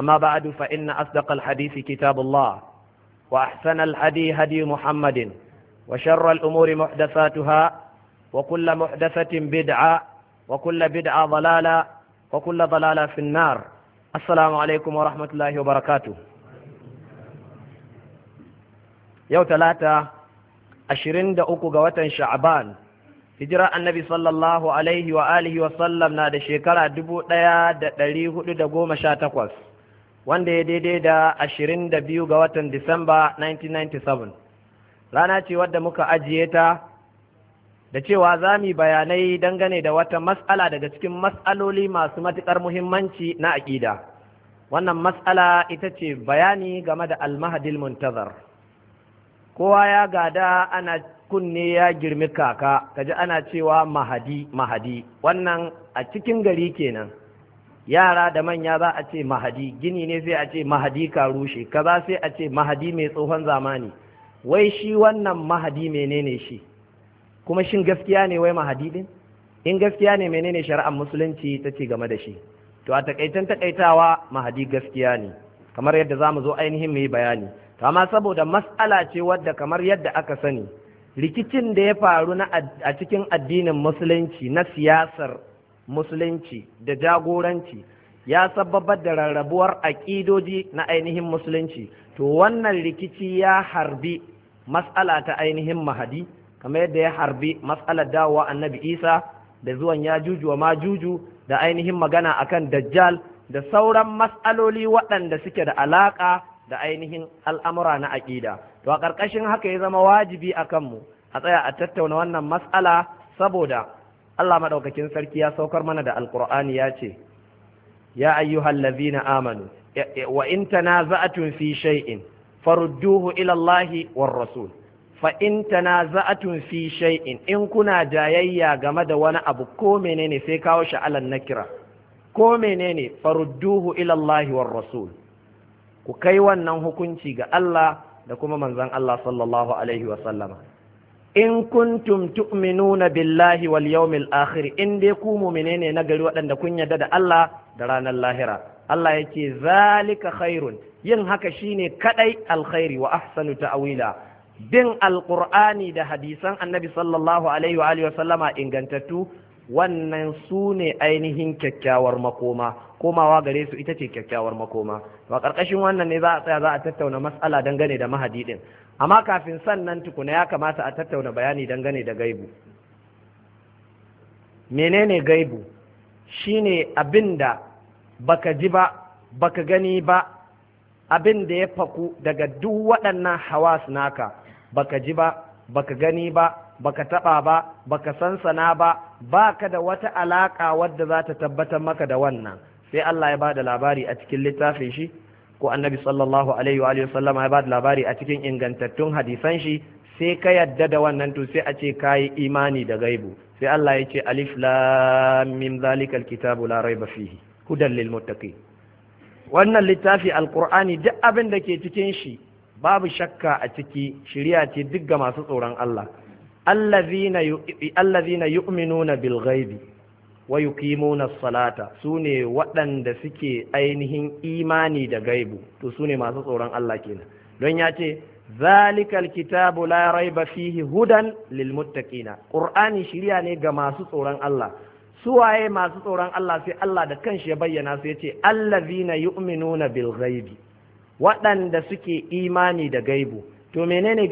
أما بعد فإن أصدق الحديث كتاب الله وأحسن الحدي هدي محمد وشر الأمور محدثاتها وكل محدثة بدعة وكل بدعة ضلالة وكل ضلالة في النار السلام عليكم ورحمة الله وبركاته يوم ثلاثة عشرين دقوق قوة شعبان hijira النبي صلى الله عليه وآله وسلم نادى شكرا دبو shekara دليه ɗaya da ɗari hudu wanda ya daidai da ashirin da biyu ga watan Disamba 1997 rana ce wadda muka ajiye ta da cewa za mu bayanai dangane da wata matsala daga cikin matsaloli masu matuƙar muhimmanci na aƙida wannan matsala ita ce bayani game da almahadil muntazar kowa ya gada ana kunne ya girmi kaka kaji ana cewa mahadi mahadi wannan a cikin gari kenan yara da manya za a ce mahadi gini ne sai a ce mahadi ka rushe kaza sai a ce mahadi mai tsohon zamani wai shi wannan mahadi menene shi kuma shin gaskiya ne wai mahadi din in gaskiya ne menene shari'ar musulunci ta ce game da shi to a takaitan takaitawa mahadi gaskiya ne kamar yadda za mu zo ainihin mu yi bayani to amma saboda mas'ala ce wadda kamar yadda aka sani rikicin da ya faru na a cikin addinin musulunci na siyasar musulunci da jagoranci ya sababar da rarrabuwar aƙidoji na ainihin musulunci to wannan rikici ya harbi mas'ala ta ainihin mahadi kamar yadda ya harbi matsalar dawowa annabi isa da zuwan ya juju wa majuju da ainihin magana akan dajjal da sauran mas'aloli waɗanda suke da alaƙa da ainihin al'amura na aƙida to a ƙarƙashin haka ya zama wajibi a kanmu a tsaya a tattauna wannan mas'ala saboda Allah maɗaukakin sarki ya saukar mana da Alkur'ani ya ce ya ayyuhallazina amanu e, e, wa in tanaza'tum fi shay'in farudduhu ila Allah war rasul fa in fi shay'in in kuna jayayya game da wani abu ko menene sai kawo shi na nakira ko menene farudduhu ila Allah war rasul ku kai wannan hukunci ga Allah da kuma manzon Allah sallallahu alaihi wa sallama in kuntum tu'minuna billahi wal yawmil akhir in dai ku mu'mine ne na gari waɗanda kun yarda da Allah da ranar lahira Allah yake zalika khairun yin haka shine kadai alkhairi wa ahsanu ta'wila bin alqur'ani da hadisan annabi sallallahu alaihi wa alihi wasallama ingantattu wannan su ne ainihin kyakkyawar makoma komawa gare su ita ce kyakkyawar makoma ba ƙarƙashin wannan ne za a tsaya za a tattauna matsala dangane da mahadi din amma kafin sannan tukuna ya kamata a tattauna bayani dangane da gaibu menene gaibu shine da baka ji ba baka gani ba abin da ya faku daga duk waɗannan hawas naka baka ji ba baka gani ba baka taɓa ba baka sansana ba baka da wata alaƙa wadda za ta tabbatar maka da wannan sai Allah ya ba da labari a cikin littafin shi ko annabi sallallahu alaihi wa sallama ya ba da labari a cikin ingantattun hadisan shi sai ka yadda da wannan to sai a ce kayi imani da gaibu sai Allah ya ce alif lam mim zalikal kitabu la raiba fihi hudan lil wannan littafi alqur'ani duk abin da ke cikin shi babu shakka a ciki shiriya ce duk ga masu tsoron Allah allazina allazina yu'minuna bil ghaibi wa yuqimuna salata sune waɗanda suke ainihin imani da gaibu to sune masu tsoron Allah kenan don ya ce zalikal kitabu la raiba fihi hudan lil muttaqina qur'ani shiriya ne ga masu tsoron Allah su waye masu tsoron Allah sai Allah da kanshi ya bayyana sai ya ce allazina yu'minuna bil ghaibi waɗanda suke imani da gaibu to menene